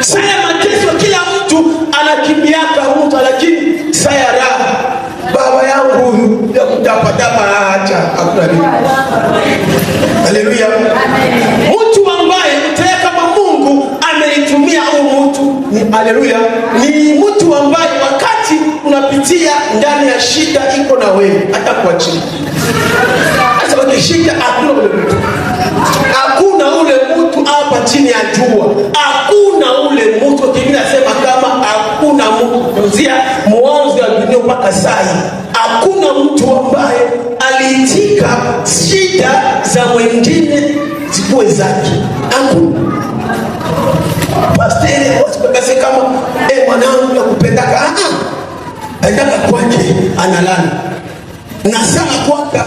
Saa ya mateso kila mtu anakimbiaka mtu lakini saa ya raha, baba yangu huyu ya kutapatapa, acha hakuna nini. Haleluya! mtu ambaye mtaya kama Mungu ameitumia huyu mtu ni haleluya, ni mtu ambaye wakati unapitia ndani ya shida iko na wewe, hata kuachia sasa, wakishika hakuna ule mtu, hakuna ule mtu hapa chini ya jua kama eh, mwanangu nakupendaka. Aendaka kwake analala na sala kwaka,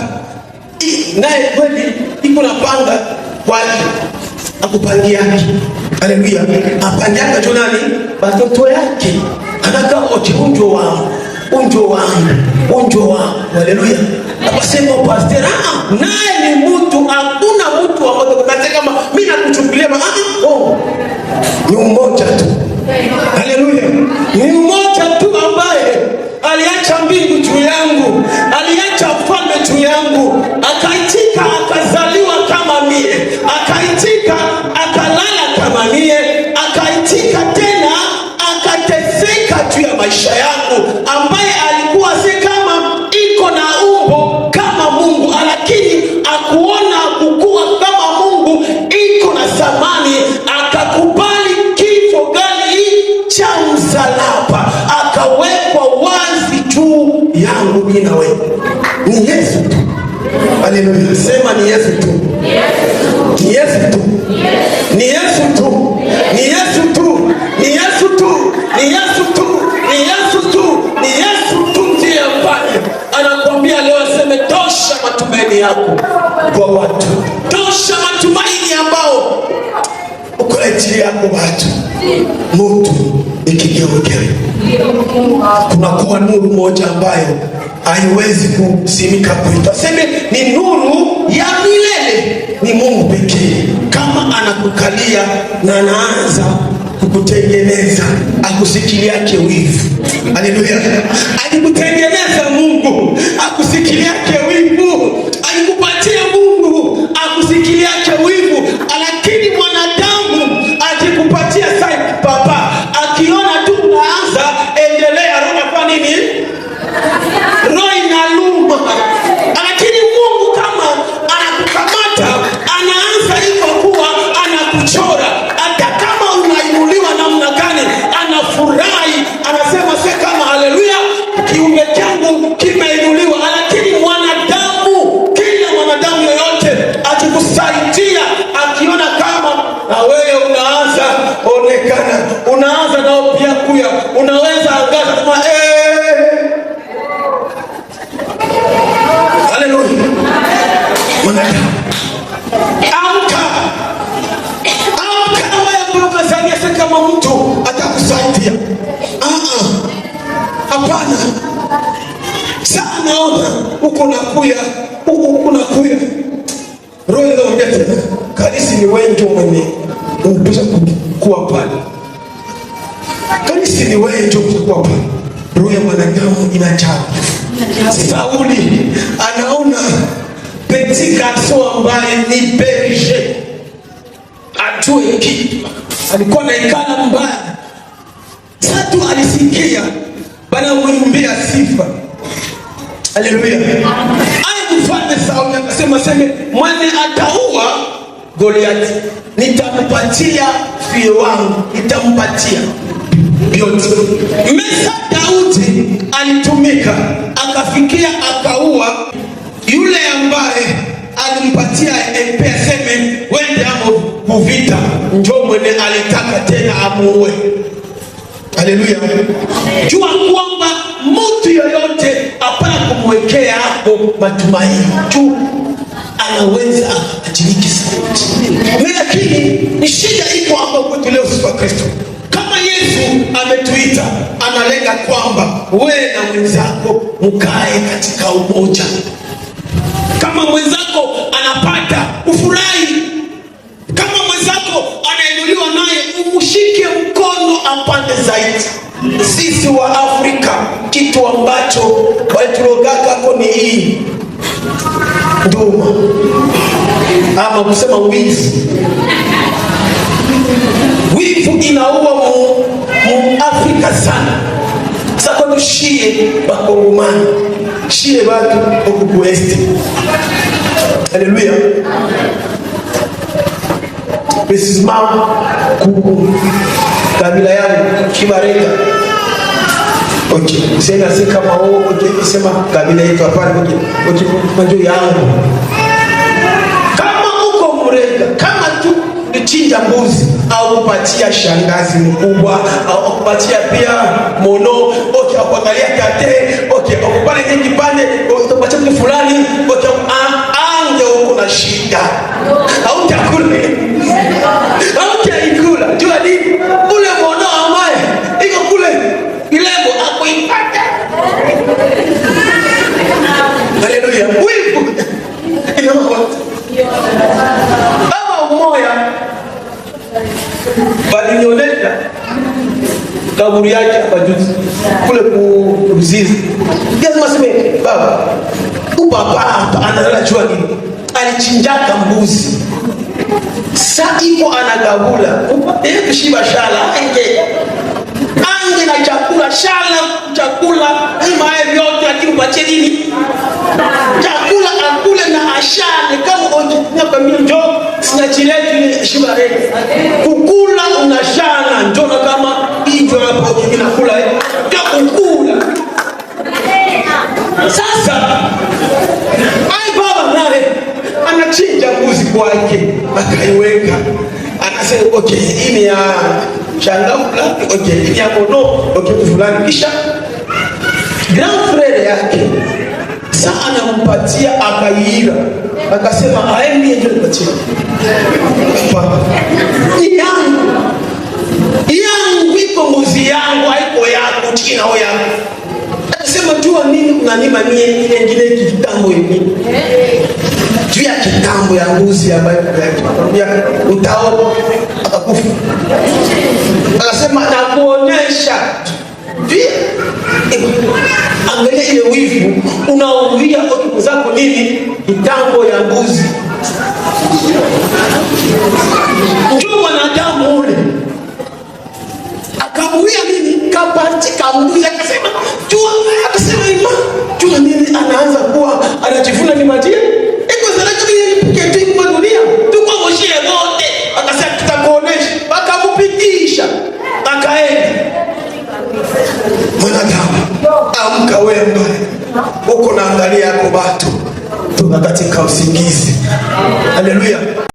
naye kweli iko na panga kwake akupangia yake. Haleluya, apangiaka jo nani batoto yake anaka ote unjo wa unjo wa unjo wa haleluya. Akasema pastor, ah, ah, naye ni mtu, hakuna mtu wa kama mimi nakuchukulia ah, ah, oh ni mmoja tu Haleluya! Ni mmoja tu ambaye aliacha mbingu juu yangu, aliacha falme juu yangu, akaitika akazaliwa kama mie, akaitika akalala kama mie, akaitika tena akateseka juu ya maisha yangu ambaye mimi na wewe ni Yesu tu. Haleluya, sema ni Yesu tu, ni Yesu tu, ni Yesu tu, ni Yesu tu, ni Yesu tu, ni Yesu tu, ni Yesu tu, ni Yesu tu ndiye mfalme. Anakuambia leo, aseme tosha matumaini yako kwa watu, tosha matumaini ambao uko ajili yako watu, mtu ikigeuke, kunakuwa nuru moja ambayo haiwezi kusimika kuita. Seme ni nuru ya milele, ni Mungu pekee. Kama anakukalia na anaanza kukutengeneza, akusikiliake wivu. Haleluya, alikutengeneza Mungu akusikiliake Saa naona huko nakuya huko huko nakuya, roho inaongea tena, kanisa ni wengi, mwenye unapaswa kuwa pale, kanisa ni wengi, kuwa pale, roho ya mwanadamu inachaa. Sauli anaona petit garçon ambaye ni berger atue kitu, alikuwa na ikala mbaya. Tatu alisikia bana mwimbia sifa Haleluya. Aye mfalme Sauli akasema seme mwane ataua Goliati, nitampatia fio wangu, nitampatia yote. Mesa Daudi alitumika akafikia akaua yule ambaye alimpatia MP aseme wende amo kuvita, njo mwene alitaka tena amuue. Haleluya. Jua kwamba mutu yoyote hapana kumwekea hapo matumaini tu, anaweza ajiriki zaidi. Lakini ni shida iko hapo kwetu leo sisi wa Kristo. Kama Yesu ametuita, analenga kwamba wewe na mwenzako mkae katika umoja. Kama mwenzako anapata ufurahi, kama mwenzako anainuliwa, naye umshike mkono apande zaidi. Sisi wa Afrika kitu ambacho baitulogakako ni hii nduma ama kusema wizi. Wivu inaua mu, mu Afrika sana. Sakonushie bakongomani shie batu okukuweste. Haleluya, mesimama kuku kabila yangu Kibarega Oche, sema si kama wewe oche, sema kabila yetu hapana, oche, oche majo yangu. Kama uko Murega, kama tu chinja mbuzi au kupatia shangazi mkubwa au kupatia pia mono, oche akuangalia kate, oche akupale hiki kipande, utapatia mtu fulani, oche ange uko na shida. au Hautakula. Kama umoya walinionyesha kaburi yake hapa juzi kule kumzizi, lazima baba ubaba hapa nini, alichinjaka mbuzi saipo anagabula upate eh, kushiba kangi na chakula shala chakula imaye vyote, lakini upatie nini? Chakula akule na ashane, kama onjinakamilijo sinachileti shibare kukula unashana njona kama hivyo hapo inakula kakukula eh. sasa ai baba naye anachinja mbuzi kwake akaiweka, akasema okay, ini ya mshangao fulani, wakielimu ya kono, wakitu fulani, kisha grand frere yake saa anampatia akaiira, akasema aende ndio nipatie yangu yangu iko ngozi yangu haiko yako china o yangu sema jua nini unanima mie ingine kitambo hivi juu ya kitambo ya nguzi ambayo utaona atakufa. Anasema nakuonyesha eh, Angalia ile wivu unaovia otuku zako nini? Mitango ya mbuzi watu tuna katika usingizi. Haleluya.